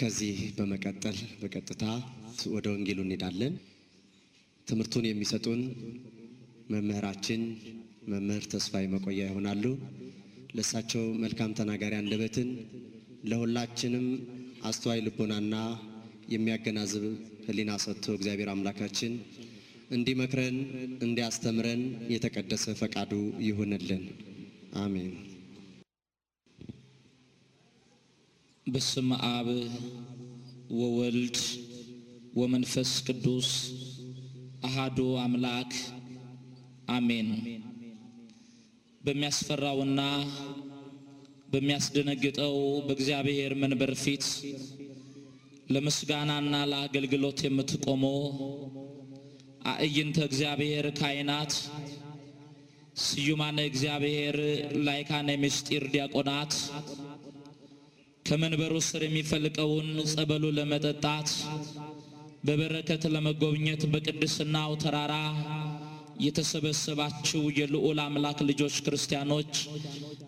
ከዚህ በመቀጠል በቀጥታ ወደ ወንጌሉ እንሄዳለን። ትምህርቱን የሚሰጡን መምህራችን መምህር ተስፋዬ መቆያ ይሆናሉ። ለእሳቸው መልካም ተናጋሪ አንደበትን ለሁላችንም አስተዋይ ልቦናና የሚያገናዝብ ሕሊና ሰጥቶ እግዚአብሔር አምላካችን እንዲመክረን እንዲያስተምረን የተቀደሰ ፈቃዱ ይሆንልን። አሜን። በስም አብ ወወልድ ወመንፈስ ቅዱስ አሃዶ አምላክ አሜን። በሚያስፈራውና በሚያስደነግጠው በእግዚአብሔር መንበር ፊት ለምስጋናና ለአገልግሎት የምትቆመው አእይንተ እግዚአብሔር ካይናት ስዩማነ እግዚአብሔር ላይካነ ምስጢር ዲያቆናት ከመንበሩ ስር የሚፈልቀውን ጸበሉ ለመጠጣት በበረከት ለመጎብኘት በቅድስናው ተራራ የተሰበሰባችሁ የልዑል አምላክ ልጆች ክርስቲያኖች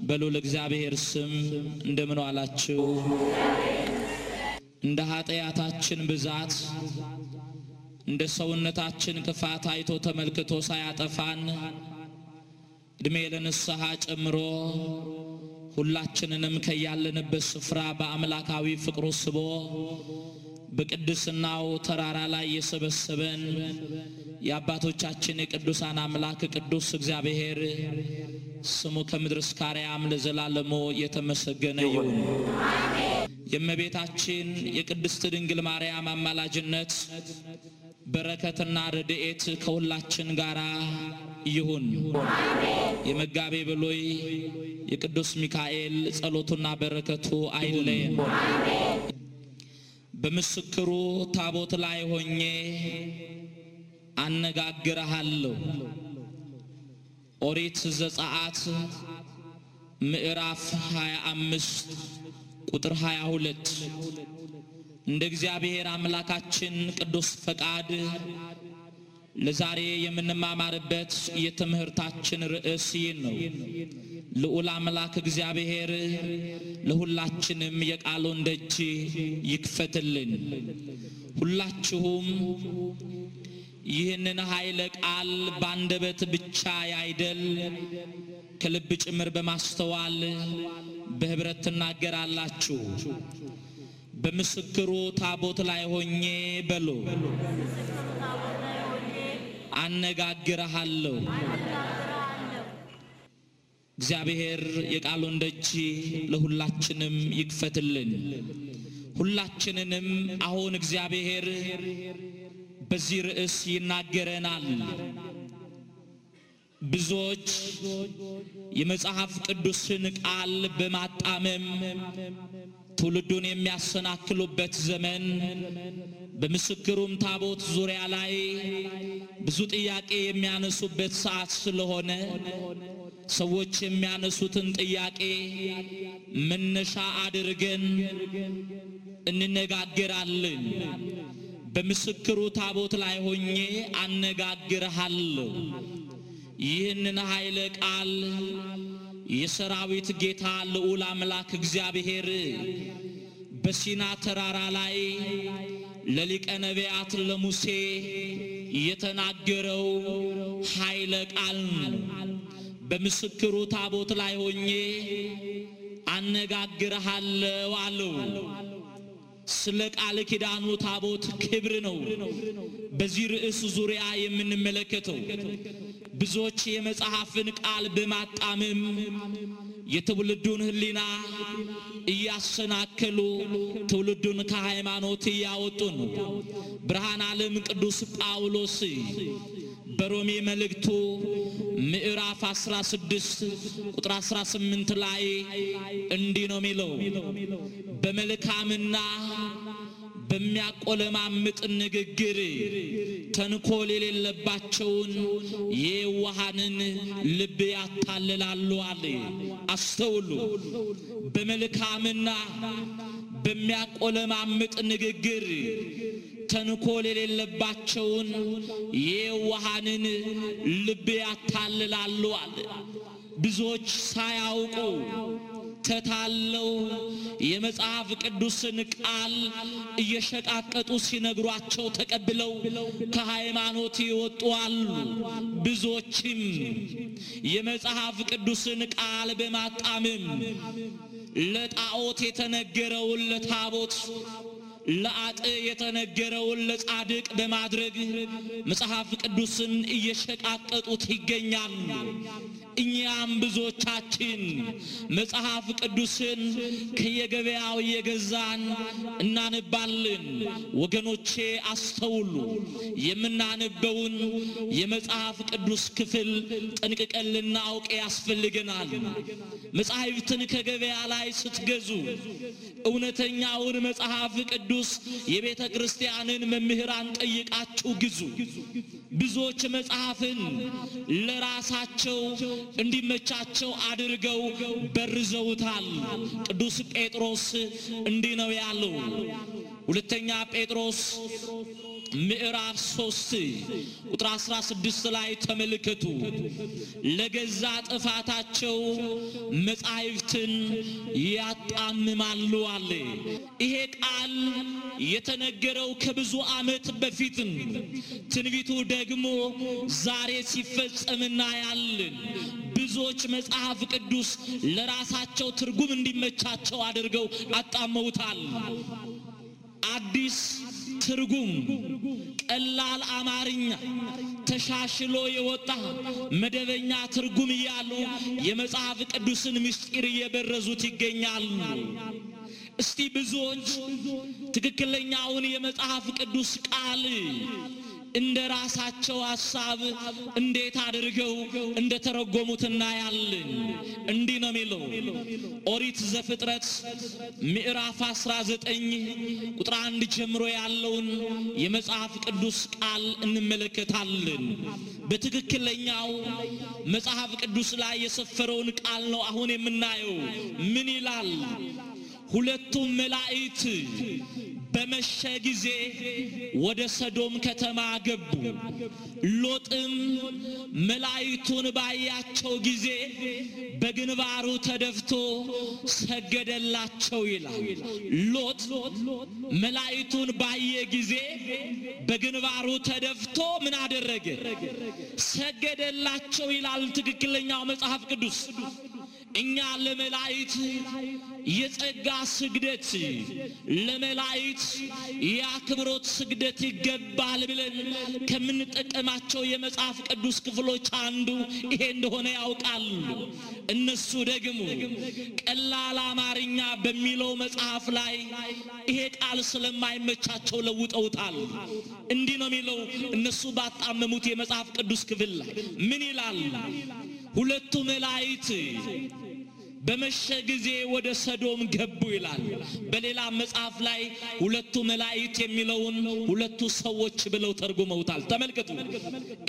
በልዑል እግዚአብሔር ስም እንደምን ዋላችሁ? እንደ ኃጢአታችን ብዛት እንደ ሰውነታችን ክፋት አይቶ ተመልክቶ ሳያጠፋን ዕድሜ ለንስሐ ጨምሮ ሁላችንንም ከያለንበት ስፍራ በአምላካዊ ፍቅሩ ስቦ በቅድስናው ተራራ ላይ የሰበሰበን የአባቶቻችን የቅዱሳን አምላክ ቅዱስ እግዚአብሔር ስሙ ከምድር እስከ አርያም ለዘላለሙ የተመሰገነ ይሁን። የእመቤታችን የቅድስት ድንግል ማርያም አማላጅነት በረከትና ረድኤት ከሁላችን ጋራ ይሁን። የመጋቤ ብሉይ የቅዱስ ሚካኤል ጸሎቱና በረከቱ አይለየን። በምስክሩ ታቦት ላይ ሆኜ አነጋግረሃለሁ። ኦሪት ዘጸአት ምዕራፍ 25 ቁጥር 22 እንደ እግዚአብሔር አምላካችን ቅዱስ ፈቃድ ለዛሬ የምንማማርበት የትምህርታችን ርዕስ ይህን ነው። ልዑል አምላክ እግዚአብሔር ለሁላችንም የቃሉን ደጅ ይክፈትልን። ሁላችሁም ይህንን ኃይለ ቃል ባንደበት ብቻ ያይደል ከልብ ጭምር በማስተዋል በህብረት ትናገራላችሁ። በምስክሩ ታቦት ላይ ሆኜ በሎ አነጋግረሃለሁ እግዚአብሔር የቃሉን ደጅ ለሁላችንም ይክፈትልን። ሁላችንንም አሁን እግዚአብሔር በዚህ ርዕስ ይናገረናል። ብዙዎች የመጽሐፍ ቅዱስን ቃል በማጣመም ትውልዱን የሚያሰናክሉበት ዘመን በምስክሩም ታቦት ዙሪያ ላይ ብዙ ጥያቄ የሚያነሱበት ሰዓት ስለሆነ ሰዎች የሚያነሱትን ጥያቄ መነሻ አድርገን እንነጋገራለን። በምስክሩ ታቦት ላይ ሆኜ አነጋግርሃለሁ። ይህንን ኃይለ ቃል የሰራዊት ጌታ ልዑል አምላክ እግዚአብሔር በሲና ተራራ ላይ ለሊቀ ነቢያት ለሙሴ የተናገረው ኃይለ ቃል ነው። በምስክሩ ታቦት ላይ ሆኜ አነጋግረሃለሁ አለው። ስለ ቃል ኪዳኑ ታቦት ክብር ነው በዚህ ርዕስ ዙሪያ የምንመለከተው። ብዙዎች የመጽሐፍን ቃል በማጣመም የትውልዱን ሕሊና እያሰናከሉ ትውልዱን ከሃይማኖት እያወጡ ነው። ብርሃን ዓለም ቅዱስ ጳውሎስ በሮሜ መልእክቱ ምዕራፍ 16 ቁጥር 18 ላይ እንዲህ ነው የሚለው በመልካምና በሚያቆለማምጥ ንግግር ተንኮል የሌለባቸውን የዋሃንን ልብ ያታልላሉ አለ። አስተውሉ። በመልካምና በሚያቆለማምጥ ንግግር ተንኮል የሌለባቸውን የዋሃንን ልብ ያታልላሉ አለ። ብዙዎች ሳያውቁ ተታለው የመጽሐፍ ቅዱስን ቃል እየሸቃቀጡ ሲነግሯቸው ተቀብለው ከሃይማኖት ይወጡ አሉ። ብዙዎችም የመጽሐፍ ቅዱስን ቃል በማጣመም ለጣዖት የተነገረውን ለታቦት ለአጥ የተነገረውን ለጻድቅ በማድረግ መጽሐፍ ቅዱስን እየሸቃቀጡት ይገኛሉ። እኛም ብዙዎቻችን መጽሐፍ ቅዱስን ከየገበያው እየገዛን እናነባለን። ወገኖቼ አስተውሉ። የምናነበውን የመጽሐፍ ቅዱስ ክፍል ጠንቅቀን ልናውቅ ያስፈልገናል። መጽሐፍትን ከገበያ ላይ ስትገዙ እውነተኛውን መጽሐፍ ቅዱስ የቤተ ክርስቲያንን መምህራን ጠይቃችሁ ግዙ። ብዙዎች መጽሐፍን ለራሳቸው እንዲመቻቸው አድርገው በርዘውታል። ቅዱስ ጴጥሮስ እንዲህ ነው ያለው ሁለተኛ ጴጥሮስ ምዕራፍ 3 ቁጥር 16 ላይ ተመልከቱ። ለገዛ ጥፋታቸው መጻሕፍትን ያጣምማሉ አለ። ይሄ ቃል የተነገረው ከብዙ ዓመት በፊት ትንቢቱ ደግሞ ዛሬ ሲፈጸም እናያለን። ብዙዎች መጽሐፍ ቅዱስ ለራሳቸው ትርጉም እንዲመቻቸው አድርገው አጣመውታል። አዲስ ትርጉም ቀላል አማርኛ ተሻሽሎ የወጣ መደበኛ ትርጉም እያሉ የመጽሐፍ ቅዱስን ምስጢር እየበረዙት ይገኛሉ። እስቲ ብዙዎች ትክክለኛውን የመጽሐፍ ቅዱስ ቃል እንደ ራሳቸው ሐሳብ እንዴት አድርገው እንደተረጎሙት እናያለን። እንዲህ ነው የሚለው ኦሪት ዘፍጥረት ምዕራፍ 19 ቁጥር 1 ጀምሮ ያለውን የመጽሐፍ ቅዱስ ቃል እንመለከታለን። በትክክለኛው መጽሐፍ ቅዱስ ላይ የሰፈረውን ቃል ነው አሁን የምናየው። ምን ይላል? ሁለቱም መላእክት በመሸ ጊዜ ወደ ሰዶም ከተማ ገቡ። ሎጥም መላእክቱን ባያቸው ጊዜ በግንባሩ ተደፍቶ ሰገደላቸው ይላል። ሎጥ መላእክቱን ባየ ጊዜ በግንባሩ ተደፍቶ ምን አደረገ? ሰገደላቸው ይላል ትክክለኛው መጽሐፍ ቅዱስ። እኛ ለመላእክት የጸጋ ስግደት ለመላእክት የአክብሮት ስግደት ይገባል ብለን ከምንጠቀማቸው የመጽሐፍ ቅዱስ ክፍሎች አንዱ ይሄ እንደሆነ ያውቃሉ። እነሱ ደግሞ ቀላል አማርኛ በሚለው መጽሐፍ ላይ ይሄ ቃል ስለማይመቻቸው ለውጠውታል። እንዲህ ነው የሚለው እነሱ ባጣመሙት የመጽሐፍ ቅዱስ ክፍል ላይ ምን ይላል? ሁለቱ መላእክት በመሸ ጊዜ ወደ ሰዶም ገቡ ይላል። በሌላ መጽሐፍ ላይ ሁለቱ መላእክት የሚለውን ሁለቱ ሰዎች ብለው ተርጉመውታል። ተመልከቱ።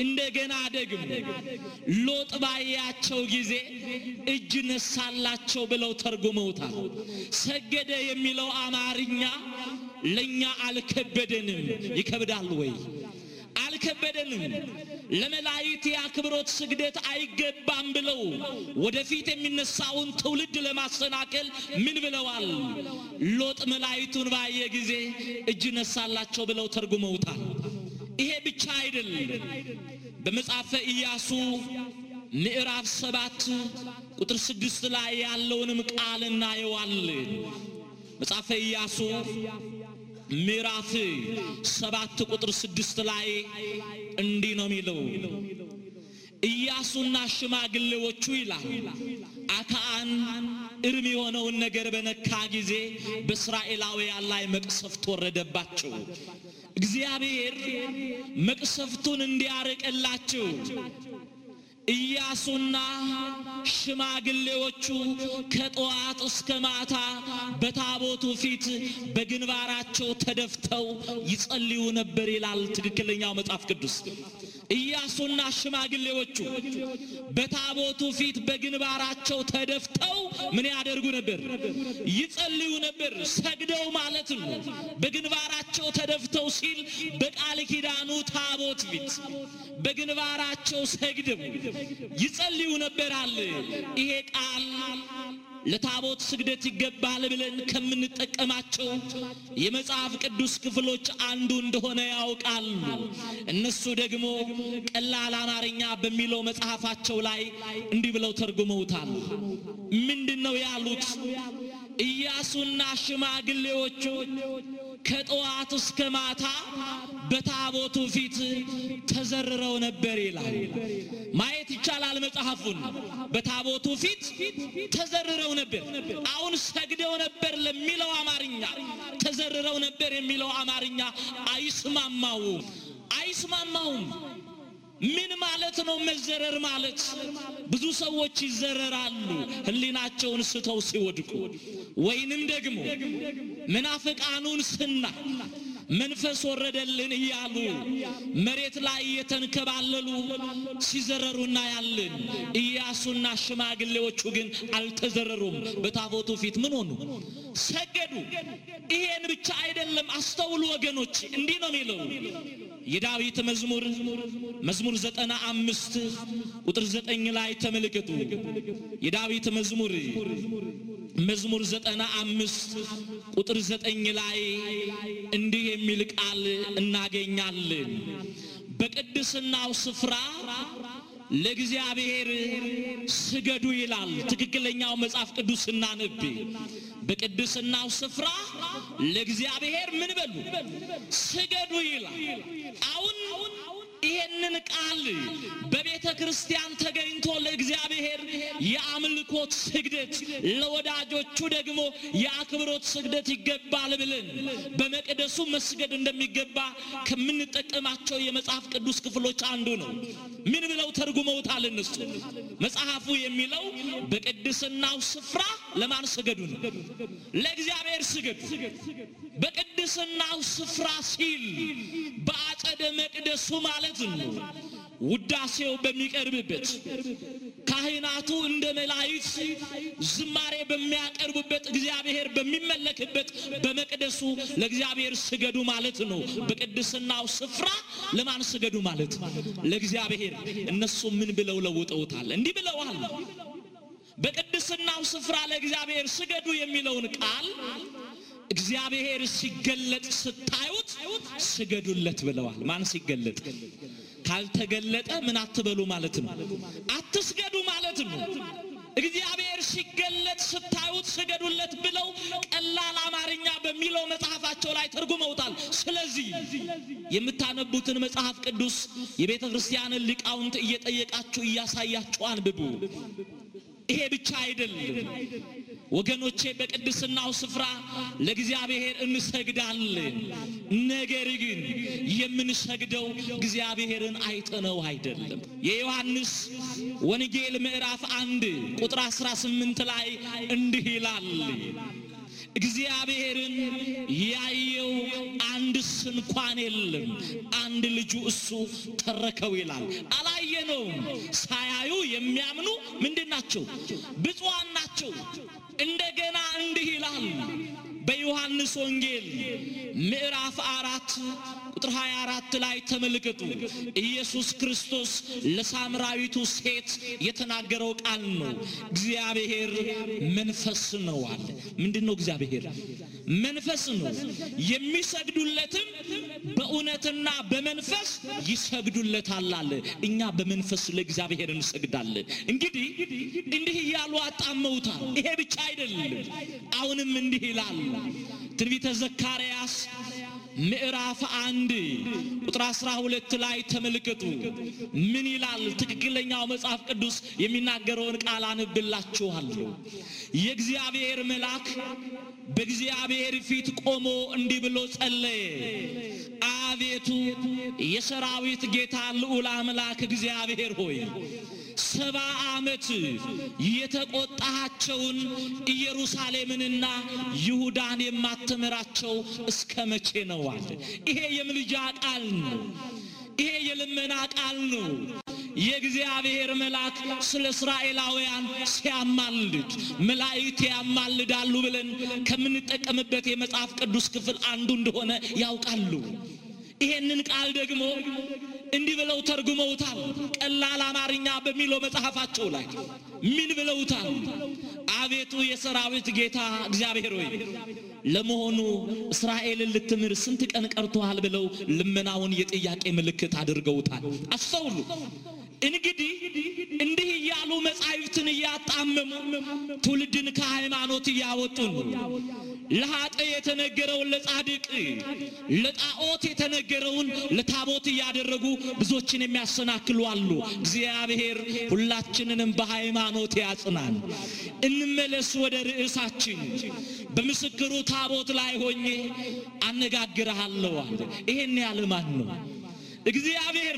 እንደገና ደግሞ ሎጥ ባያቸው ጊዜ እጅ ነሳላቸው ብለው ተርጉመውታል። ሰገደ የሚለው አማርኛ ለኛ አልከበደንም። ይከብዳል ወይ? አልከበደንም። ለመላእክት የአክብሮት ስግደት አይገባም ብለው ወደፊት የሚነሳውን ትውልድ ለማሰናከል ምን ብለዋል? ሎጥ መላእክቱን ባየ ጊዜ እጅ ነሳላቸው ብለው ተርጉመውታል። ይሄ ብቻ አይደል በመጽሐፈ ኢያሱ ምዕራፍ ሰባት ቁጥር ስድስት ላይ ያለውንም ቃል እናየዋል መጽሐፈ ኢያሱ ምዕራፍ ሰባት ቁጥር ስድስት ላይ እንዲህ ነው የሚለው ኢያሱና ሽማግሌዎቹ ይላል አካን እርም የሆነውን ነገር በነካ ጊዜ በእስራኤላውያን ላይ መቅሰፍት ወረደባቸው። እግዚአብሔር መቅሰፍቱን እንዲያርቅላቸው ኢያሱና ሽማግሌዎቹ ከጠዋት እስከ ማታ በታቦቱ ፊት በግንባራቸው ተደፍተው ይጸልዩ ነበር ይላል ትክክለኛው መጽሐፍ ቅዱስ። ኢያሱና ሽማግሌዎቹ በታቦቱ ፊት በግንባራቸው ተደፍተው ምን ያደርጉ ነበር? ይጸልዩ ነበር። ሰግደው ማለት ነው። በግንባራቸው ተደፍተው ሲል በቃል ኪዳኑ ታቦት ፊት በግንባራቸው ሰግደው ይጸልዩ ነበር አለ ይሄ ቃል ለታቦት ስግደት ይገባል ብለን ከምንጠቀማቸው የመጽሐፍ ቅዱስ ክፍሎች አንዱ እንደሆነ ያውቃሉ። እነሱ ደግሞ ቀላል አማርኛ በሚለው መጽሐፋቸው ላይ እንዲህ ብለው ተርጉመውታል። ምንድን ነው ያሉት? ኢያሱና ሽማግሌዎቹ ከጠዋት እስከ ማታ በታቦቱ ፊት ተዘርረው ነበር ይላል። ማየት ይቻላል መጽሐፉን። በታቦቱ ፊት ተዘርረው ነበር። አሁን ሰግደው ነበር ለሚለው አማርኛ ተዘርረው ነበር የሚለው አማርኛ አይስማማውም አይስማማውም። ምን ማለት ነው መዘረር ማለት? ብዙ ሰዎች ይዘረራሉ ህሊናቸውን ስተው ሲወድቁ፣ ወይንም ደግሞ ምናፍቃኑን ስና መንፈስ ወረደልን እያሉ መሬት ላይ እየተንከባለሉ ሲዘረሩና ያልን ኢያሱና ሽማግሌዎቹ ግን አልተዘረሩም። በታቦቱ ፊት ምን ሆኑ? ሰገዱ። ይሄን ብቻ አይደለም፣ አስተውሉ ወገኖች። እንዲህ ነው የሚለው የዳዊት መዝሙር መዝሙር ዘጠና አምስት ቁጥር ዘጠኝ ላይ ተመልክቱ የዳዊት መዝሙር መዝሙር ዘጠና አምስት ቁጥር ዘጠኝ ላይ እንዲህ የሚል ቃል እናገኛለን። በቅድስናው ስፍራ ለእግዚአብሔር ስገዱ ይላል። ትክክለኛው መጽሐፍ ቅዱስ ስናነብ በቅድስናው ስፍራ ለእግዚአብሔር ምን በሉ ስገዱ ይላል። አሁን ይህንን ቃል በቤተ ክርስቲያን ተገኝቶ ለእግዚአብሔር የአምልኮት ስግደት ለወዳጆቹ ደግሞ የአክብሮት ስግደት ይገባል ብለን በመቅደሱ መስገድ እንደሚገባ ከምንጠቀማቸው የመጽሐፍ ቅዱስ ክፍሎች አንዱ ነው። ምን ብለው ተርጉመውታል እነሱ? መጽሐፉ የሚለው በቅድስናው ስፍራ ለማን ስገዱ ነው? ለእግዚአብሔር ስገዱ። በቅድስናው ስፍራ ሲል በአጸደ መቅደሱ ማለት ዝኑ ውዳሴው በሚቀርብበት ካህናቱ እንደ መላእክት ዝማሬ በሚያቀርቡበት እግዚአብሔር በሚመለክበት በመቅደሱ ለእግዚአብሔር ስገዱ ማለት ነው። በቅድስናው ስፍራ ለማን ስገዱ ማለት? ለእግዚአብሔር። እነሱ ምን ብለው ለውጠውታል? እንዲህ ብለዋል። በቅድስናው ስፍራ ለእግዚአብሔር ስገዱ የሚለውን ቃል እግዚአብሔር ሲገለጥ ስታዩ ስገዱለት ብለዋል። ማን ሲገለጥ ካልተገለጠ ምን አትበሉ ማለት ነው፣ አትስገዱ ማለት ነው። እግዚአብሔር ሲገለጥ ስታዩት ስገዱለት ብለው ቀላል አማርኛ በሚለው መጽሐፋቸው ላይ ተርጉመውታል። ስለዚህ የምታነቡትን መጽሐፍ ቅዱስ የቤተ ክርስቲያንን ሊቃውንት እየጠየቃችሁ እያሳያችሁ አንብቡ። ይሄ ብቻ አይደለም። ወገኖቼ በቅድስናው ስፍራ ለእግዚአብሔር እንሰግዳለን። ነገር ግን የምንሰግደው እግዚአብሔርን አይተነው አይደለም። የዮሐንስ ወንጌል ምዕራፍ አንድ ቁጥር 18 ላይ እንዲህ ይላል እግዚአብሔርን ያየው አንድስ እንኳን የለም፣ አንድ ልጁ እሱ ተረከው ይላል። አላየነውም። ሳያዩ የሚያምኑ ምንድን ናቸው? ብፁዓን ናቸው። እንደገና እንዲህ ይላል በዮሐንስ ወንጌል ምዕራፍ አራት ቁጥር 24 ላይ ተመልከቱ። ኢየሱስ ክርስቶስ ለሳምራዊቱ ሴት የተናገረው ቃል ነው። እግዚአብሔር መንፈስ ነው አለ። ምንድን ነው? እግዚአብሔር መንፈስ ነው፣ የሚሰግዱለትም በእውነትና በመንፈስ ይሰግዱለታል አለ። እኛ በመንፈስ ለእግዚአብሔር እንሰግዳለን። እንግዲህ እንዲህ እያሉ አጣመውታል። ይሄ ብቻ አይደለም፣ አሁንም እንዲህ ይላል። ትንቢተ ዘካርያስ ምዕራፍ አንድ ቁጥር 12 ላይ ተመልከቱ። ምን ይላል? ትክክለኛው መጽሐፍ ቅዱስ የሚናገረውን ቃል አንብላችኋለሁ። የእግዚአብሔር መልአክ በእግዚአብሔር ፊት ቆሞ እንዲህ ብሎ ጸለየ። አቤቱ የሰራዊት ጌታ ልዑል አምላክ እግዚአብሔር ሆይ ሰባ ዓመት የተቆጣሃቸውን ኢየሩሳሌምንና ይሁዳን የማትምራቸው እስከ መቼ ነው አለ። ይሄ የምልጃ ቃል ነው። ይሄ የልመና ቃል ነው። የእግዚአብሔር መልአክ ስለ እስራኤላውያን ሲያማልድ መላእክት ያማልዳሉ ብለን ከምንጠቀምበት የመጽሐፍ ቅዱስ ክፍል አንዱ እንደሆነ ያውቃሉ። ይሄንን ቃል ደግሞ እንዲህ ብለው ተርጉመውታል። ቀላል አማርኛ በሚለው መጽሐፋቸው ላይ ምን ብለውታል? አቤቱ የሰራዊት ጌታ እግዚአብሔር ሆይ ለመሆኑ እስራኤልን ልትምር ስንት ቀን ቀርቶሃል? ብለው ልመናውን የጥያቄ ምልክት አድርገውታል። አስተውሉ። እንግዲህ እንዲህ እያሉ መጻሕፍትን እያጣመሙ ትውልድን ከሃይማኖት እያወጡን ለኃጥ የተነገረውን ለጻድቅ ለጣዖት የተነገረውን ለታቦት እያደረጉ ብዙዎችን የሚያሰናክሉ አሉ። እግዚአብሔር ሁላችንንም በሃይማኖት ያጽናን። እንመለስ ወደ ርዕሳችን። በምስክሩ ታቦት ላይ ሆኜ አነጋግርሃለሁ አለ። ይሄን ያለ ማን ነው? እግዚአብሔር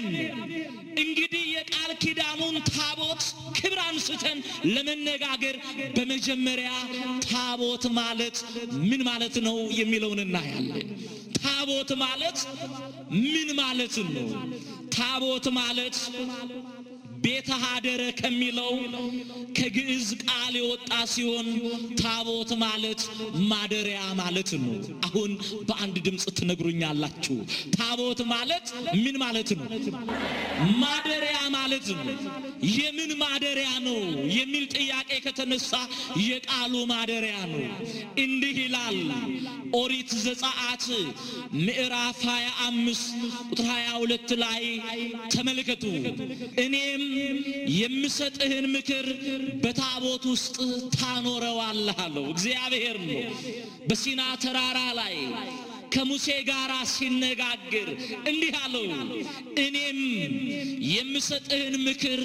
እንግዲህ የቃል ኪዳኑን ታቦት ክብር አንስተን ለመነጋገር በመጀመሪያ ታቦት ማለት ምን ማለት ነው የሚለውን እናያለን። ታቦት ማለት ምን ማለት ነው? ታቦት ማለት ቤተ ሀደረ ከሚለው ከግዕዝ ቃል የወጣ ሲሆን ታቦት ማለት ማደሪያ ማለት ነው። አሁን በአንድ ድምፅ ትነግሩኛላችሁ። ታቦት ማለት ምን ማለት ነው? ማደሪያ ማለት ነው። የምን ማደሪያ ነው የሚል ጥያቄ ከተነሳ የቃሉ ማደሪያ ነው። እንዲህ ይላል ኦሪት ዘጸአት ምዕራፍ 25 ቁጥር 22 ላይ ተመልከቱ። እኔም የምሰጥህን ምክር በታቦት ውስጥ ታኖረዋለህ አለው። እግዚአብሔር ነው በሲና ተራራ ላይ ከሙሴ ጋር ሲነጋግር እንዲህ አለው፣ እኔም የምሰጥህን ምክር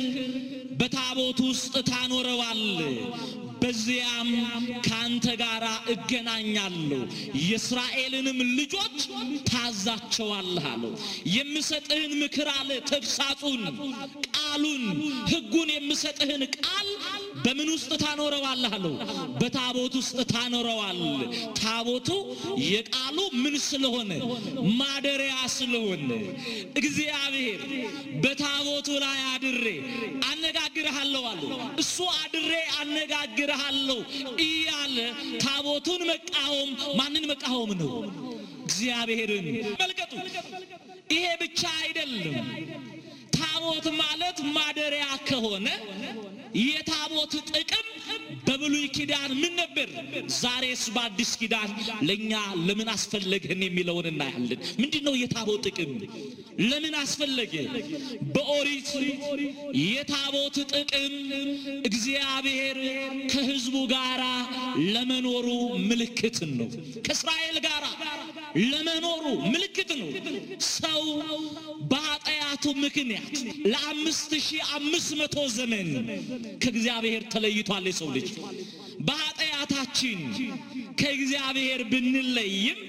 በታቦት ውስጥ ታኖረዋል፣ በዚያም ካንተ ጋር እገናኛለሁ፣ የእስራኤልንም ልጆች ታዛቸዋለህ አለው። የምሰጥህን ምክር አለ ተግሳጹን፣ ቃሉን፣ ህጉን የምሰጥህን ቃል በምን ውስጥ ታኖረዋለህ አለው? በታቦት ውስጥ ታኖረዋል። ታቦቱ የቃሉ ምን ስለሆነ ማደሪያ ስለሆነ እግዚአብሔር በታቦቱ ላይ አድሬ አነጋግርሃለሁ አለ። እሱ አድሬ አነጋግር እምርሃለሁ እያለ ታቦቱን መቃወም ማንን መቃወም ነው? እግዚአብሔርን መልቀጡ። ይሄ ብቻ አይደለም። ታቦት ማለት ማደሪያ ከሆነ የታቦት ጥቅም በብሉይ ኪዳን ምን ነበር? ዛሬስ በአዲስ ኪዳን ለእኛ ለምን አስፈለገን የሚለውን እናያለን። ምንድን ነው የታቦት ጥቅም? ለምን አስፈለገ? በኦሪት የታቦት ጥቅም እግዚአብሔር ከሕዝቡ ጋር ለመኖሩ ምልክት ነው። ከእስራኤል ጋር ለመኖሩ ምልክት ነው። ሰው በኃጢአቱ ምክንያት ለአምስት ሺህ አምስት መቶ ዘመን ከእግዚአብሔር ተለይቷል የሰው ልጅ በኃጢአታችን ከእግዚአብሔር ብንለይም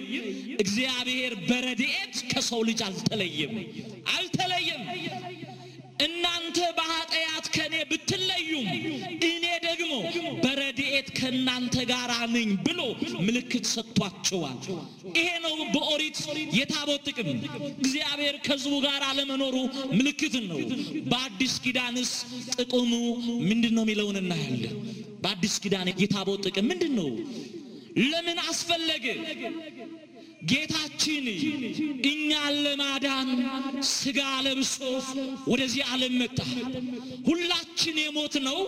እግዚአብሔር በረድኤት ከሰው ልጅ አልተለየም አልተለየም እናንተ በኃጢአት ከኔ ብትለዩም እኔ ደግሞ በረድኤት ከእናንተ ጋር ነኝ ብሎ ምልክት ሰጥቷቸዋል ይሄ በኦሪት የታቦት ጥቅም እግዚአብሔር ከህዝቡ ጋር አለመኖሩ ምልክትን ነው። በአዲስ ኪዳንስ ጥቅሙ ምንድን ነው የሚለውን እናያለን። በአዲስ ኪዳን የታቦት ጥቅም ምንድን ነው? ለምን አስፈለገ? ጌታችን እኛን ለማዳን ስጋ ለብሶ ወደዚህ ዓለም መጣ። ሁላችን የሞት ነው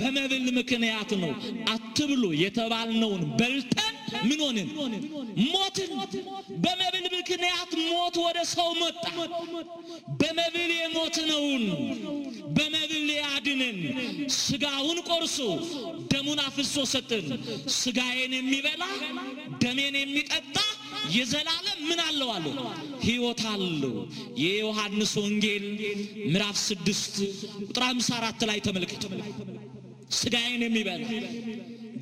በመብል ምክንያት ነው። አትብሉ የተባልነውን በልተን ምን ሆንን? ሞትን። በመብል ምክንያት ሞት ወደ ሰው መጣ። በመብል የሞትነውን በመብል ያድንን ስጋውን ቆርሶ ደሙን አፍሶ ሰጥን። ስጋዬን የሚበላ ደሜን የሚጠጣ የዘላለም ምን አለው አለ ሕይወት አለው። የዮሐንስ ወንጌል ምዕራፍ ስድስት ቁጥር 54 ላይ ተመልከቱ። ስጋዬን የሚበላ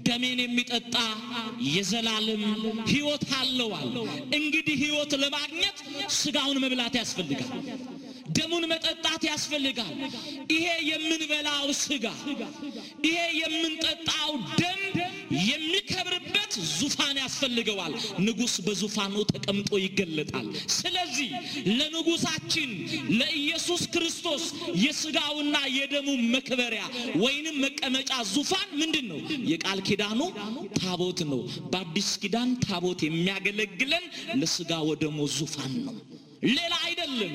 ደሜን የሚጠጣ የዘላለም ሕይወት አለዋል። እንግዲህ ሕይወት ለማግኘት ስጋውን መብላት ያስፈልጋል። ደሙን መጠጣት ያስፈልጋል። ይሄ የምንበላው ስጋ፣ ይሄ የምንጠጣው ደም የሚከብርበት ዙፋን ያስፈልገዋል። ንጉሥ በዙፋኑ ተቀምጦ ይገለጣል። ስለዚህ ለንጉሳችን ለኢየሱስ ክርስቶስ የስጋውና የደሙ መክበሪያ ወይንም መቀመጫ ዙፋን ምንድን ነው? የቃል ኪዳኑ ታቦት ነው። በአዲስ ኪዳን ታቦት የሚያገለግለን ለስጋ ወደሞ ዙፋን ነው፣ ሌላ አይደለም።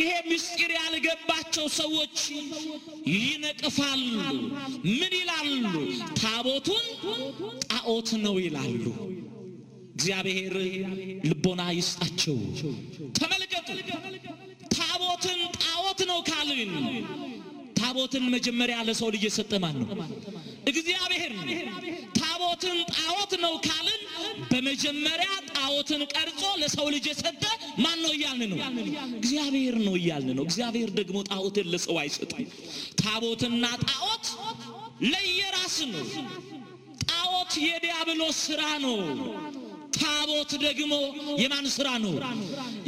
ይሄ ምስጢር ያልገባቸው ሰዎች ይነቅፋሉ። ምን ይላሉ? ታቦቱን ጣዖት ነው ይላሉ። እግዚአብሔር ልቦና ይስጣቸው። ተመልከቱ፣ ታቦትን ጣዖት ነው ካልን ታቦትን መጀመሪያ ለሰው ልጅ የሰጠ ማን ነው? እግዚአብሔር ነው። ጣዖትን ጣዖት ነው ካልን በመጀመሪያ ጣዖትን ቀርጾ ለሰው ልጅ የሰጠ ማን ነው እያልን ነው? እግዚአብሔር ነው እያልን ነው። እግዚአብሔር ደግሞ ጣዖትን ለሰው አይሰጥም። ታቦትና ጣዖት ለየራስ ነው። ጣዖት የዲያብሎስ ስራ ነው። ታቦት ደግሞ የማን ስራ ነው?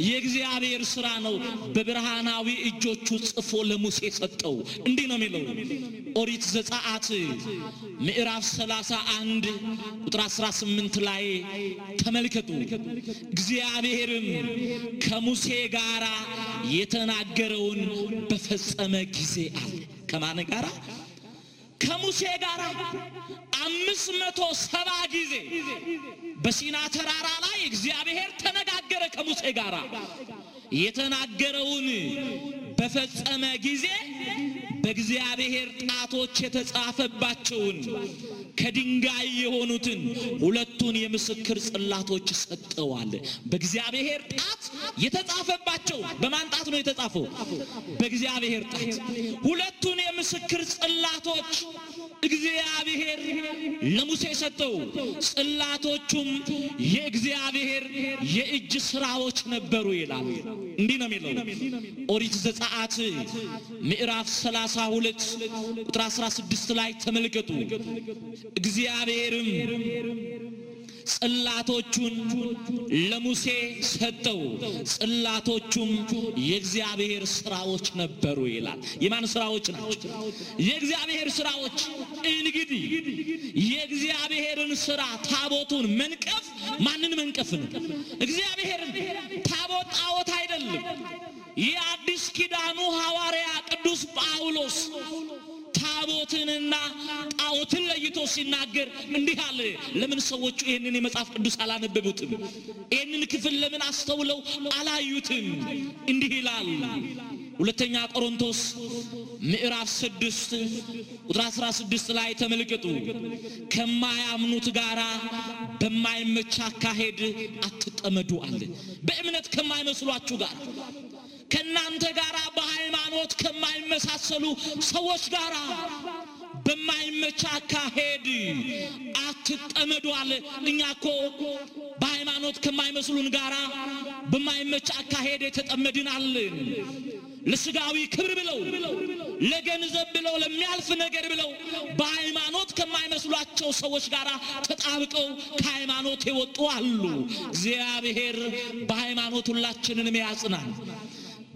የእግዚአብሔር ስራ ነው። በብርሃናዊ እጆቹ ጽፎ ለሙሴ ሰጠው። እንዲህ ነው የሚለው ኦሪት ዘጸአት ምዕራፍ 31 ቁጥር 18 ላይ ተመልከቱ። እግዚአብሔርም ከሙሴ ጋር የተናገረውን በፈጸመ ጊዜ አለ ከማን ጋራ ከሙሴ ጋር አምስት መቶ ሰባ ጊዜ በሲና ተራራ ላይ እግዚአብሔር ተነጋገረ ከሙሴ ጋር። የተናገረውን በፈጸመ ጊዜ በእግዚአብሔር ጣቶች የተጻፈባቸውን ከድንጋይ የሆኑትን ሁለቱን የምስክር ጽላቶች ሰጠዋል። በእግዚአብሔር ጣት የተጻፈባቸው በማንጣት ነው የተጻፈው? በእግዚአብሔር ጣት ሁለቱን የምስክር ጽላቶች እግዚአብሔር ለሙሴ ሰጠው። ጽላቶቹም የእግዚአብሔር የእጅ ስራዎች ነበሩ ይላል። እንዲህ ነው የሚለው ኦሪት ዘጸአት ምዕራፍ 32 ቁጥር 16 ላይ ተመልከቱ። እግዚአብሔርም ጽላቶቹን ለሙሴ ሰጠው። ጽላቶቹም የእግዚአብሔር ስራዎች ነበሩ ይላል። የማን ስራዎች ናቸው? የእግዚአብሔር ስራዎች። እንግዲህ የእግዚአብሔርን ስራ ታቦቱን መንቀፍ ማንን መንቀፍ ነው? እግዚአብሔርን። ታቦት ጣዖት አይደለም። የአዲስ ኪዳኑ ሐዋርያ ቅዱስ ጳውሎስ ታቦትንና ጣዖትን ለይቶ ሲናገር እንዲህ አለ። ለምን ሰዎቹ ይህንን የመጽሐፍ ቅዱስ አላነበቡትም? ይህንን ክፍል ለምን አስተውለው አላዩትም? እንዲህ ይላል ሁለተኛ ቆሮንቶስ ምዕራፍ ስድስት ቁጥር 16 ላይ ተመልከቱ። ከማያምኑት ጋራ በማይመች አካሄድ አትጠመዱ አለ። በእምነት ከማይመስሏችሁ ጋር ከእናንተ ጋር በሃይማኖት ከማይመሳሰሉ ሰዎች ጋር በማይመች አካሄድ አትጠመዱ አለ። እኛ እኮ በሃይማኖት ከማይመስሉን ጋራ በማይመች አካሄድ የተጠመድን አለ። ለስጋዊ ክብር ብለው ለገንዘብ ብለው ለሚያልፍ ነገር ብለው በሃይማኖት ከማይመስሏቸው ሰዎች ጋር ተጣብቀው ከሃይማኖት የወጡ አሉ። እግዚአብሔር በሃይማኖት ሁላችንን ያጽናል።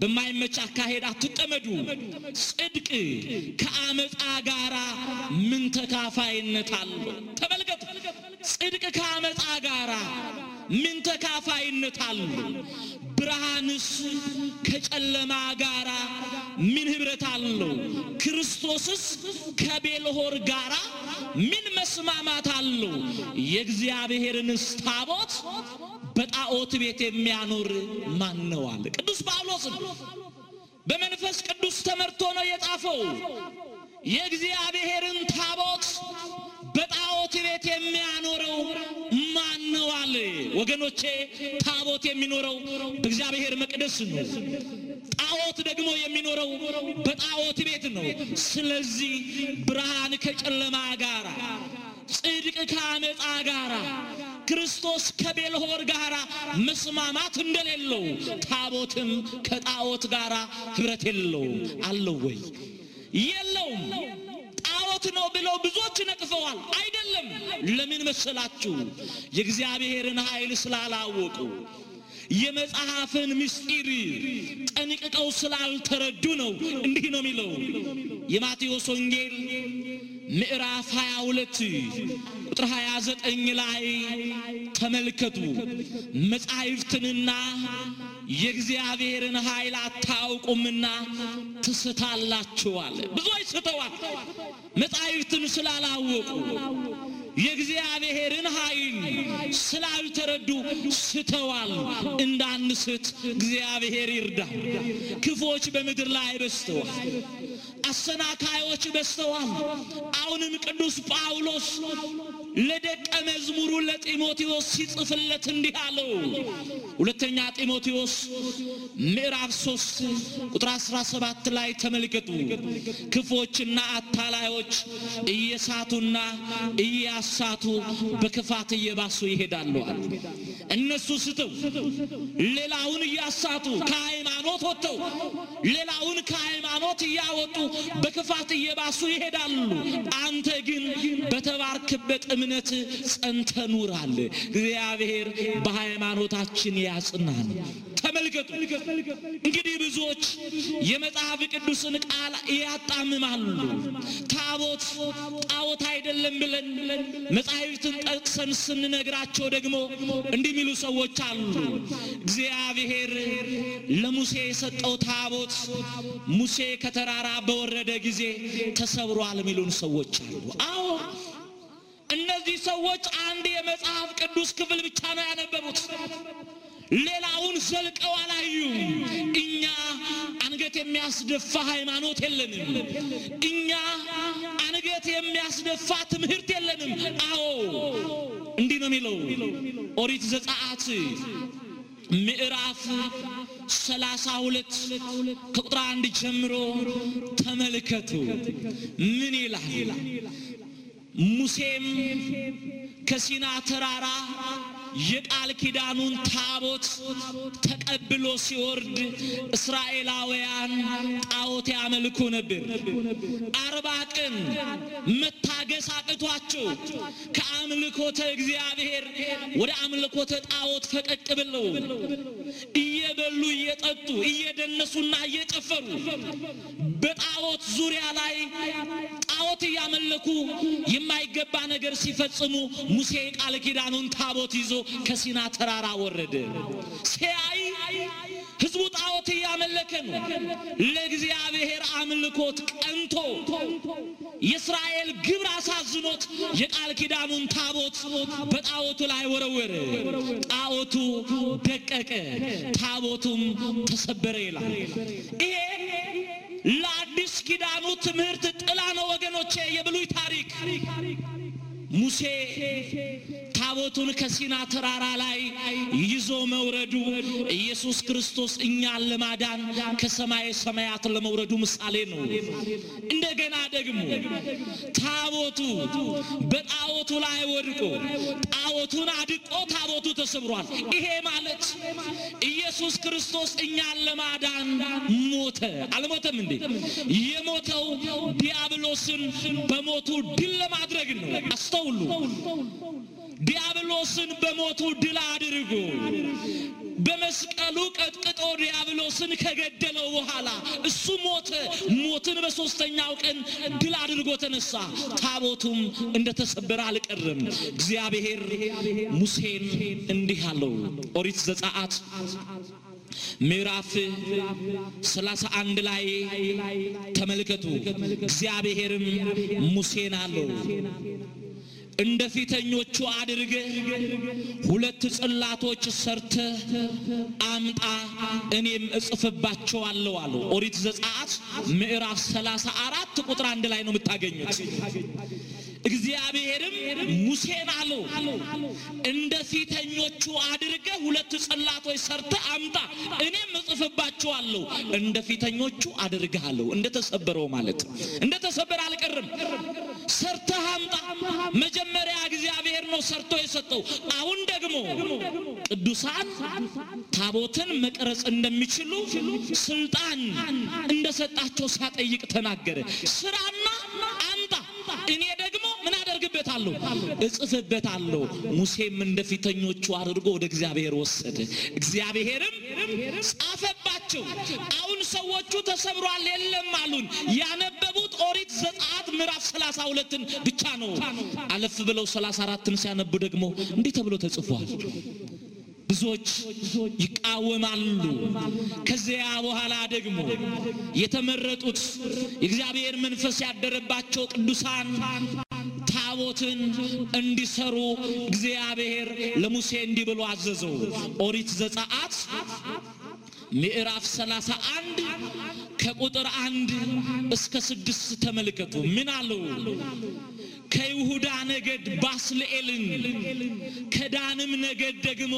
በማይመች አካሄድ አትጠመዱ። ጽድቅ ከአመፃ ጋራ ምን ተካፋይነት አለው? ተመልከት። ጽድቅ ከአመፃ ጋራ ምን ተካፋይነት አሉ? ብርሃንስ ከጨለማ ጋራ ምን ህብረት አለው? ክርስቶስስ ከቤልሆር ጋራ ምን መስማማት አለው? የእግዚአብሔርንስ ታቦት በጣዖት ቤት የሚያኖር ማን ነው አለ ቅዱስ ጳውሎስ። በመንፈስ ቅዱስ ተመርቶ ነው የጻፈው የእግዚአብሔርን ታቦት በጣዖት ቤት የሚያኖረው ማን ነው አለ። ወገኖቼ ታቦት የሚኖረው በእግዚአብሔር መቅደስ ነው። ጣዖት ደግሞ የሚኖረው በጣዖት ቤት ነው። ስለዚህ ብርሃን ከጨለማ ጋር፣ ጽድቅ ከአመፃ ጋር ክርስቶስ ከቤልሆር ጋር መስማማት እንደሌለው ታቦትም ከጣዖት ጋር ህብረት የለውም አለው ወይ? የለውም። ሞት ነው ብለው ብዙዎች ነቅፈዋል። አይደለም። ለምን መሰላችሁ? የእግዚአብሔርን ኃይል ስላላወቁ የመጽሐፍን ምስጢር ጠንቅቀው ስላልተረዱ ነው። እንዲህ ነው የሚለው የማቴዎስ ወንጌል ምዕራፍ 22 ቁጥር 29 ላይ ተመልከቱ። መጻሕፍትንና የእግዚአብሔርን ኃይል አታውቁምና ትስታላችኋል። ብዙዎች ስተዋል፣ መጻሕፍትን ስላላወቁ የእግዚአብሔርን ኃይል ስላልተረዱ ስተዋል። እንዳንስት እግዚአብሔር ይርዳ። ክፎች በምድር ላይ በስተዋል፣ አሰናካዮች በስተዋል። አሁንም ቅዱስ ጳውሎስ ለደቀ መዝሙሩ ለጢሞቴዎስ ሲጽፍለት እንዲህ አለው። ሁለተኛ ጢሞቴዎስ ምዕራፍ 3 ቁጥር 17 ላይ ተመልከቱ። ክፎችና አታላዮች እየሳቱና እያሳቱ በክፋት እየባሱ ይሄዳሉ። እነሱ ስተው ሌላውን እያሳቱ ከሃይማኖት ወጥተው ሌላውን ከሃይማኖት እያወጡ በክፋት እየባሱ ይሄዳሉ። አንተ ግን በተባርክበት ጸንተ ኑራል። እግዚአብሔር በሃይማኖታችን ያጽናል። ተመልከቱ እንግዲህ ብዙዎች የመጽሐፍ ቅዱስን ቃል ያጣምማሉ። ታቦት ጣዖት አይደለም ብለን መጻሕፍትን ጠቅሰን ስንነግራቸው ደግሞ እንዲህ የሚሉ ሰዎች አሉ። እግዚአብሔር ለሙሴ የሰጠው ታቦት ሙሴ ከተራራ በወረደ ጊዜ ተሰብሯል የሚሉን ሰዎች አሉ። አዎ እነዚህ ሰዎች አንድ የመጽሐፍ ቅዱስ ክፍል ብቻ ነው ያነበቡት። ሌላውን ዘልቀው አላዩም። እኛ አንገት የሚያስደፋ ሃይማኖት የለንም። እኛ አንገት የሚያስደፋ ትምህርት የለንም። አዎ እንዲህ ነው የሚለው ኦሪት ዘጸአት ምዕራፍ ሰላሳ ሁለት ከቁጥር አንድ ጀምሮ ተመልከቱ ምን ይላል? ሙሴም ከሲና ተራራ የቃል ኪዳኑን ታቦት ተቀብሎ ሲወርድ እስራኤላውያን ጣዖት ያመልኩ ነበር። አርባ ቀን መታገስ አቅቷቸው ከአምልኮተ እግዚአብሔር ወደ አምልኮተ ጣዖት ፈቀቅ ብለው እየበሉ እየጠጡ እየደነሱና እየጨፈሩ በጣዖት ዙሪያ ላይ ጣዖት እያመለኩ የማይገባ ነገር ሲፈጽሙ ሙሴ ቃል ኪዳኑን ታቦት ይዞ ከሲና ተራራ ወረደ። ሲያይ ህዝቡ ጣዖት እያመለከ ነው። ለእግዚአብሔር አምልኮት ቀንቶ የእስራኤል ግብር አሳዝኖት የቃል ኪዳኑን ታቦት በጣዖቱ ላይ ወረወረ። ጣዖቱ ደቀቀ፣ ታቦቱም ተሰበረ ይላል። ይሄ ለአዲስ ኪዳኑ ትምህርት ጥላ ነው ወገኖቼ፣ የብሉይ ታሪክ ሙሴ ታቦቱን ከሲና ተራራ ላይ ይዞ መውረዱ ኢየሱስ ክርስቶስ እኛን ለማዳን ከሰማይ ሰማያት ለመውረዱ ምሳሌ ነው። እንደገና ደግሞ ታቦቱ በጣዖቱ ላይ ወድቆ ጣዖቱን አድቆ ታቦቱ ተሰብሯል። ይሄ ማለት ኢየሱስ ክርስቶስ እኛን ለማዳን ሞተ። አልሞተም እንዴ? የሞተው ዲያብሎስን በሞቱ ድል ለማድረግ ነው። አስተው ሁሉ ዲያብሎስን በሞቱ ድል አድርጎ በመስቀሉ ቀጥቅጦ ዲያብሎስን ከገደለው በኋላ እሱ ሞተ። ሞትን በሶስተኛው ቀን ድል አድርጎ ተነሳ። ታቦቱም እንደተሰበረ አልቀርም። እግዚአብሔር ሙሴን እንዲህ አለው። ኦሪት ዘጸአት ምዕራፍ ሰላሳ አንድ ላይ ተመልከቱ። እግዚአብሔርም ሙሴን አለው እንደ ፊተኞቹ አድርገ ሁለት ጽላቶች ሰርተ አምጣ እኔም እጽፍባቸዋለሁ አሉ። ኦሪት ዘጸአት ምዕራፍ 34 ቁጥር አንድ ላይ ነው የምታገኙት። እግዚአብሔርም ሙሴን አለው እንደ ፊተኞቹ አድርገ ሁለት ጽላቶች ሰርተ አምጣ፣ እኔም እጽፍባችኋለሁ። እንደ ፊተኞቹ አድርግሃለሁ። እንደተሰበረው ማለት እንደ ተሰበረ አልቀርም፣ ሰርተ አምጣ። መጀመሪያ እግዚአብሔር ነው ሰርቶ የሰጠው። አሁን ደግሞ ቅዱሳን ታቦትን መቅረጽ እንደሚችሉ ስልጣን እንደሰጣቸው ሳጠይቅ ተናገረ። ስራና አምጣ እኔ አደርግበታለሁ፣ እጽፍበታለሁ። ሙሴም እንደ ፊተኞቹ አድርጎ ወደ እግዚአብሔር ወሰደ፣ እግዚአብሔርም ጻፈባቸው። አሁን ሰዎቹ ተሰብሯል የለም አሉን። ያነበቡት ኦሪት ዘጸአት ምዕራፍ 32 ሁለትን ብቻ ነው። አለፍ ብለው 34ን ሲያነቡ ደግሞ እንዲህ ተብሎ ተጽፏል። ብዙዎች ይቃወማሉ። ከዚያ በኋላ ደግሞ የተመረጡት የእግዚአብሔር መንፈስ ያደረባቸው ቅዱሳን ታቦትን እንዲሰሩ እግዚአብሔር ለሙሴ እንዲህ ብሎ አዘዘው። ኦሪት ዘጸአት ምዕራፍ ሰላሳ አንድ ከቁጥር አንድ እስከ ስድስት ተመልከቱ። ምን አለው? ከይሁዳ ነገድ ባስልኤልን ከዳንም ነገድ ደግሞ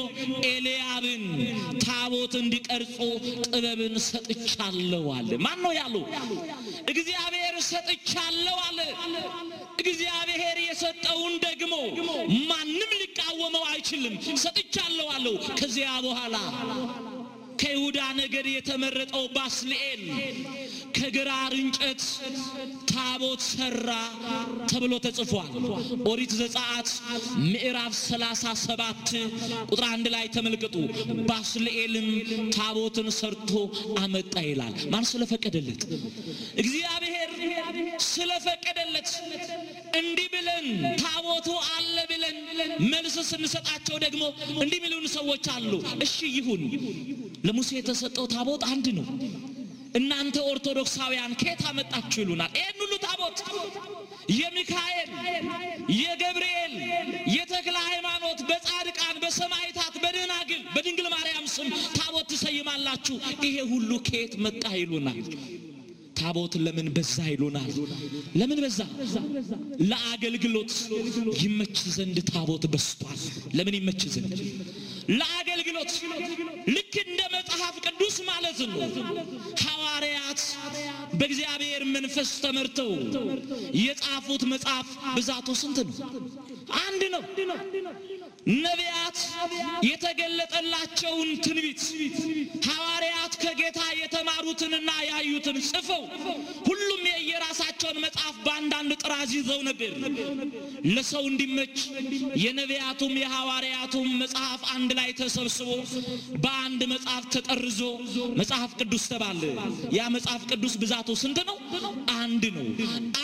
ኤልያብን ታቦት እንዲቀርጹ ጥበብን ሰጥቻለሁ አለ። ማን ነው ያሉ? እግዚአብሔር ሰጥቻለሁ አለ። እግዚአብሔር የሰጠውን ደግሞ ማንም ሊቃወመው አይችልም። ሰጥቻለሁ አለው። ከዚያ በኋላ ከይሁዳ ነገድ የተመረጠው ባስልኤል ከግራር እንጨት ታቦት ሰራ ተብሎ ተጽፏል። ኦሪት ዘጸአት ምዕራፍ 37 ቁጥር አንድ ላይ ተመልከቱ። ባስልኤልም ታቦትን ሰርቶ አመጣ ይላል። ማን ስለፈቀደለት እግዚአብሔር ስለፈቀደለት እንዲህ ብለን ታቦቱ አለ ብለን መልስ ስንሰጣቸው ደግሞ እንዲህ ሚሉን ሰዎች አሉ። እሺ ይሁን፣ ለሙሴ የተሰጠው ታቦት አንድ ነው፣ እናንተ ኦርቶዶክሳውያን ከየት አመጣችሁ ይሉናል። ይህን ሁሉ ታቦት የሚካኤል፣ የገብርኤል፣ የተክለ ሃይማኖት በጻድቃን በሰማይታት በደናግል በድንግል ማርያም ስም ታቦት ትሰይማላችሁ፣ ይሄ ሁሉ ከየት መጣ ይሉናል። ታቦት ለምን በዛ ይሉናል። ለምን በዛ? ለአገልግሎት ይመች ዘንድ ታቦት በስቷል። ለምን ይመች ዘንድ? ለአገልግሎት ልክ እንደ መጽሐፍ ቅዱስ ማለት ነው። ሐዋርያት በእግዚአብሔር መንፈስ ተመርተው የጻፉት መጽሐፍ ብዛቱ ስንት ነው? አንድ ነው። ነቢያት የተገለጠላቸውን ትንቢት ሐዋርያት ከጌታ የተማሩትንና ያዩትን ጽፈው ሁሉም የየራሳቸውን መጽሐፍ በአንዳንድ ጥራዝ ይዘው ነበር። ለሰው እንዲመች የነቢያቱም የሐዋርያቱም መጽሐፍ አንድ ላይ ተሰብስቦ በአንድ መጽሐፍ ተጠርዞ መጽሐፍ ቅዱስ ተባለ። ያ መጽሐፍ ቅዱስ ብዛቱ ስንት ነው? አንድ ነው።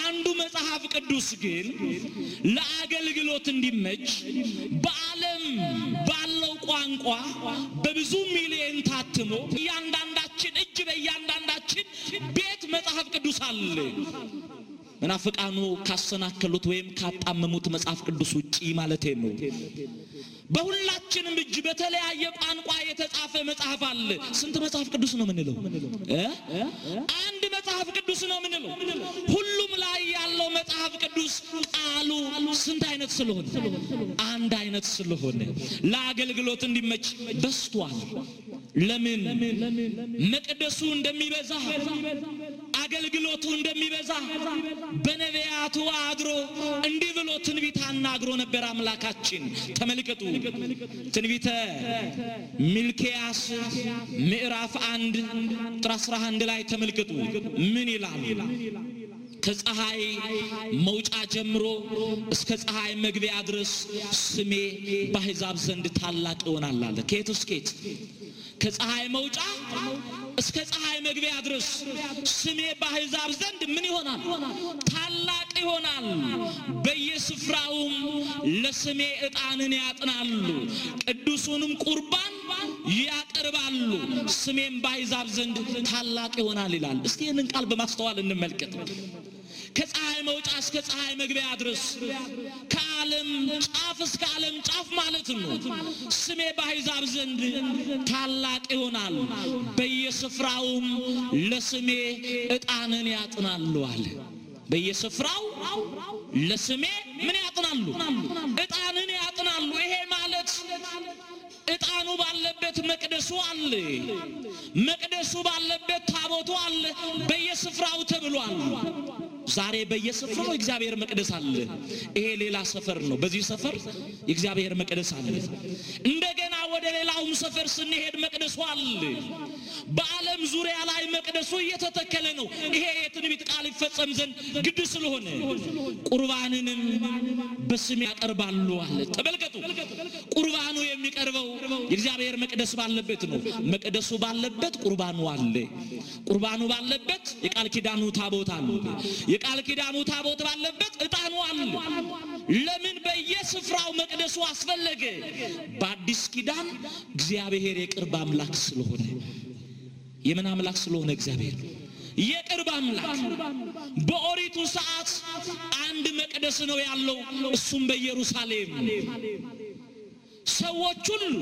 አንዱ መጽሐፍ ቅዱስ ግን ለአገልግሎት እንዲመች በዓለም ባለው ቋንቋ በብዙ ሚሊዮን ታትሞ እያንዳንዳችን እጅ በእያንዳንዳችን ቤት መጽሐፍ ቅዱስ አለ። መናፍቃኑ ካሰናከሉት ወይም ካጣመሙት መጽሐፍ ቅዱስ ውጪ ማለት ነው። በሁላችንም እጅ በተለያየ ቋንቋ የተጻፈ መጽሐፍ አለ። ስንት መጽሐፍ ቅዱስ ነው የምንለው? አንድ መጽሐፍ ቅዱስ ነው የምንለው። ሁሉም ላይ ያለው መጽሐፍ ቅዱስ ቃሉ ስንት አይነት ስለሆነ አንድ አይነት ስለሆነ ለአገልግሎት እንዲመች በስቷል። ለምን መቅደሱ እንደሚበዛ አገልግሎቱ እንደሚበዛ በነቢያቱ አድሮ ተናግሮ ነበር አምላካችን። ተመልከቱ ትንቢተ ሚልኪያስ ምዕራፍ አንድ ቁጥር 11 ላይ ተመልከቱ ምን ይላል? ከፀሐይ መውጫ ጀምሮ እስከ ፀሐይ መግቢያ ድረስ ስሜ በአሕዛብ ዘንድ ታላቅ ይሆናል አለ። ከየት እስከ ከፀሐይ መውጫ እስከ ፀሐይ መግቢያ ድረስ ስሜ በአሕዛብ ዘንድ ምን ይሆናል? ታላቅ ይሆናል። በየስፍራውም ለስሜ ዕጣንን ያጥናሉ፣ ቅዱሱንም ቁርባን ያቀርባሉ። ስሜም በአሕዛብ ዘንድ ታላቅ ይሆናል ይላል። እስቲ ይህንን ቃል በማስተዋል እንመልከት። ከፀሐይ መውጫ እስከ ፀሐይ መግቢያ ድረስ ከዓለም ጫፍ እስከ ዓለም ጫፍ ማለት ነው። ስሜ በአሕዛብ ዘንድ ታላቅ ይሆናል፣ በየስፍራውም ለስሜ ዕጣንን ያጥናሉ አለ። በየስፍራው ለስሜ ምን ያጥናሉ? ዕጣንን ያጥናሉ። ይሄ ማለት ዕጣኑ ባለበት መቅደሱ አለ፣ መቅደሱ ባለበት ታቦቱ አለ፣ በየስፍራው ተብሏል። ዛሬ በየስፍራው የእግዚአብሔር መቅደስ አለ። ይሄ ሌላ ሰፈር ነው። በዚህ ሰፈር የእግዚአብሔር መቅደስ አለ። እንደገና ወደ ሌላውም ሰፈር ስንሄድ መቅደሱ አለ። በዓለም ዙሪያ ላይ መቅደሱ እየተተከለ ነው። ይሄ የትንቢት ቃል ይፈጸም ዘንድ ግድ ስለሆነ ቁርባንንም በስሜ ያቀርባሉ አለ። ተመልከቱ፣ ቁርባኑ የሚቀርበው የእግዚአብሔር መቅደስ ባለበት ነው። መቅደሱ ባለበት ቁርባኑ አለ። ቁርባኑ ባለበት የቃል ኪዳኑ ታቦት አለ። የቃል ኪዳኑ ታቦት ባለበት እጣኑ አለ። ለምን በየስፍራው መቅደሱ አስፈለገ? በአዲስ ኪዳን እግዚአብሔር የቅርብ አምላክ ስለሆነ የምን አምላክ ስለሆነ እግዚአብሔር የቅርብ አምላክ። በኦሪቱ ሰዓት አንድ መቅደስ ነው ያለው፣ እሱም በኢየሩሳሌም። ሰዎች ሁሉ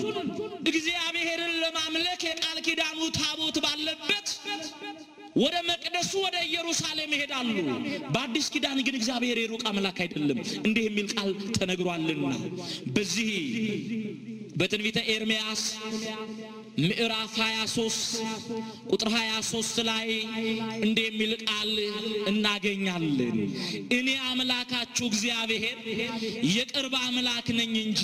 እግዚአብሔርን ለማምለክ የቃል ኪዳኑ ታቦት ባለበት ወደ መቅደሱ ወደ ኢየሩሳሌም ይሄዳሉ። በአዲስ ኪዳን ግን እግዚአብሔር የሩቅ አምላክ አይደለም፣ እንዲህ የሚል ቃል ተነግሯልና በዚህ በትንቢተ ኤርምያስ ምዕራፍ 23 ቁጥር 23 ላይ እንዲህ የሚል ቃል እናገኛለን። እኔ አምላካችሁ እግዚአብሔር የቅርብ አምላክ ነኝ እንጂ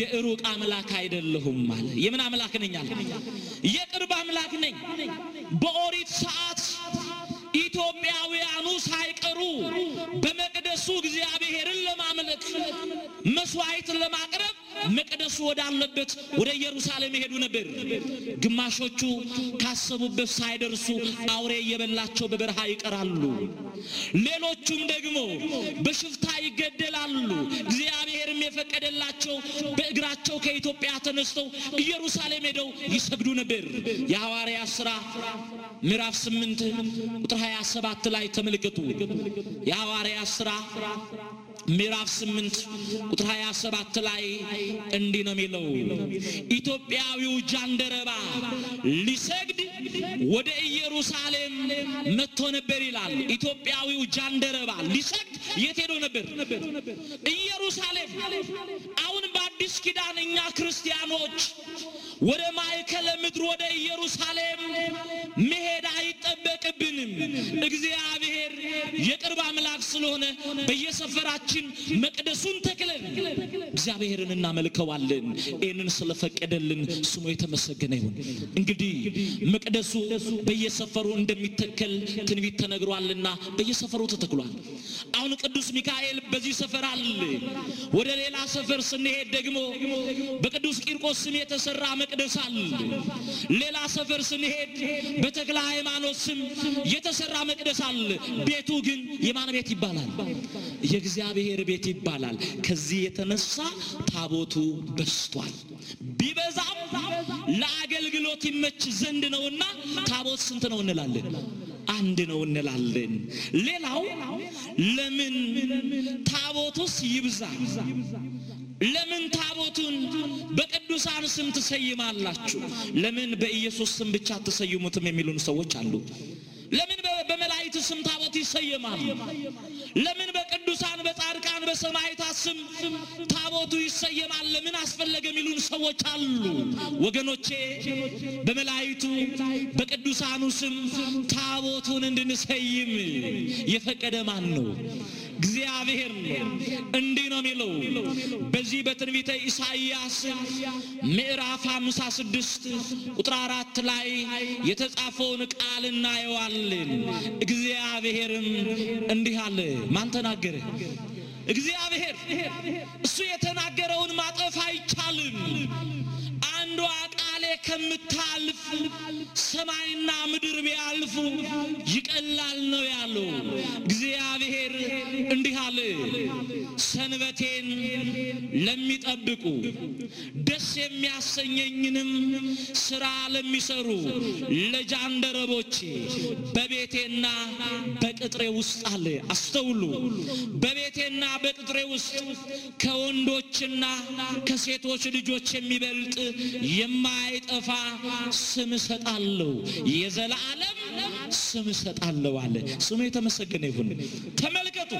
የሩቅ አምላክ አይደለሁም አለ። የምን አምላክ ነኝ አለ? የቅርብ አምላክ ነኝ። በኦሪት ሰዓት ኢትዮጵያውያኑ ሳይቀሩ በመቅደሱ እግዚአብሔርን ለማምለክ መስዋዕትን ለማቅረብ መቅደሱ ወዳለበት ወደ ኢየሩሳሌም ይሄዱ ነበር። ግማሾቹ ካሰቡበት ሳይደርሱ አውሬ እየበላቸው በበረሃ ይቀራሉ። ሌሎቹም ደግሞ በሽፍታ ይገደላሉ። እግዚአብሔርም የፈቀደላቸው በእግራቸው ከኢትዮጵያ ተነስተው ኢየሩሳሌም ሄደው ይሰግዱ ነበር። የሐዋርያ ሥራ ምዕራፍ 8 ቁጥር 27 ላይ ተመልከቱ። የሐዋርያ ሥራ ምዕራፍ 8 ቁጥር 27 ላይ እንዲህ ነው የሚለው፣ ኢትዮጵያዊው ጃንደረባ ሊሰግድ ወደ ኢየሩሳሌም መጥቶ ነበር ይላል። ኢትዮጵያዊው ጃንደረባ ሊሰግድ የት ሄዶ ነበር? ኢየሩሳሌም። አሁን በአዲስ ኪዳን እኛ ክርስቲያኖች ወደ ማዕከለ ምድር ወደ በየሰፈራችን መቅደሱን እግዚአብሔርን እናመልከዋለን። ይህንን ስለፈቀደልን ስሙ የተመሰገነ ይሁን። እንግዲህ መቅደሱ በየሰፈሩ እንደሚተከል ትንቢት ተነግሯልና በየሰፈሩ ተተክሏል። አሁን ቅዱስ ሚካኤል በዚህ ሰፈር አለ። ወደ ሌላ ሰፈር ስንሄድ ደግሞ በቅዱስ ቂርቆስ ስም የተሰራ መቅደስ አለ። ሌላ ሰፈር ስንሄድ በተክለ ሃይማኖት ስም የተሰራ መቅደስ አለ። ቤቱ ግን የማን ቤት ይባላል? የእግዚአብሔር ቤት ይባላል። ከዚህ የተነሳ ታቦቱ በስቷል። ቢበዛም ለአገልግሎት ይመች ዘንድ ነውና ታቦት ስንት ነው እንላለን? አንድ ነው እንላለን። ሌላው ለምን ታቦቱስ ይብዛ? ለምን ታቦቱን በቅዱሳን ስም ትሰይማላችሁ? ለምን በኢየሱስ ስም ብቻ አትሰይሙትም? የሚሉን ሰዎች አሉ። ለምን በመላእክት ስም ታቦት ይሰየማል? ለምን በቅዱሳን በጻድቃን በሰማዕታት ስም ታቦቱ ይሰየማል? ለምን አስፈለገ የሚሉን ሰዎች አሉ። ወገኖቼ በመላእክቱ በቅዱሳኑ ስም ታቦቱን እንድንሰይም የፈቀደ ማን ነው? እግዚአብሔር ነው። እንዲህ ነው የሚለው በዚህ በትንቢተ ኢሳይያስ ምዕራፍ 56 ቁጥር አራት ላይ የተጻፈውን ቃል እናየዋለን። እግዚአብሔርም እንዲህ አለ። ማን ተናገረ? እግዚአብሔር እሱ የተና ከምታልፍ ሰማይና ምድር ቢያልፉ ይቀላል ነው ያለው። እግዚአብሔር እንዲህ አለ፣ ሰንበቴን ለሚጠብቁ ደስ የሚያሰኘኝንም ስራ ለሚሰሩ ለጃንደረቦቼ በቤቴና በቅጥሬ ውስጥ አለ። አስተውሉ፣ በቤቴና በቅጥሬ ውስጥ ከወንዶችና ከሴቶች ልጆች የሚበልጥ የማይጠ ሳያጠፋ ስም እሰጣለሁ፣ የዘላለም ስም እሰጣለሁ አለ። ስሙ የተመሰገነ ይሁን። ተመልከቱ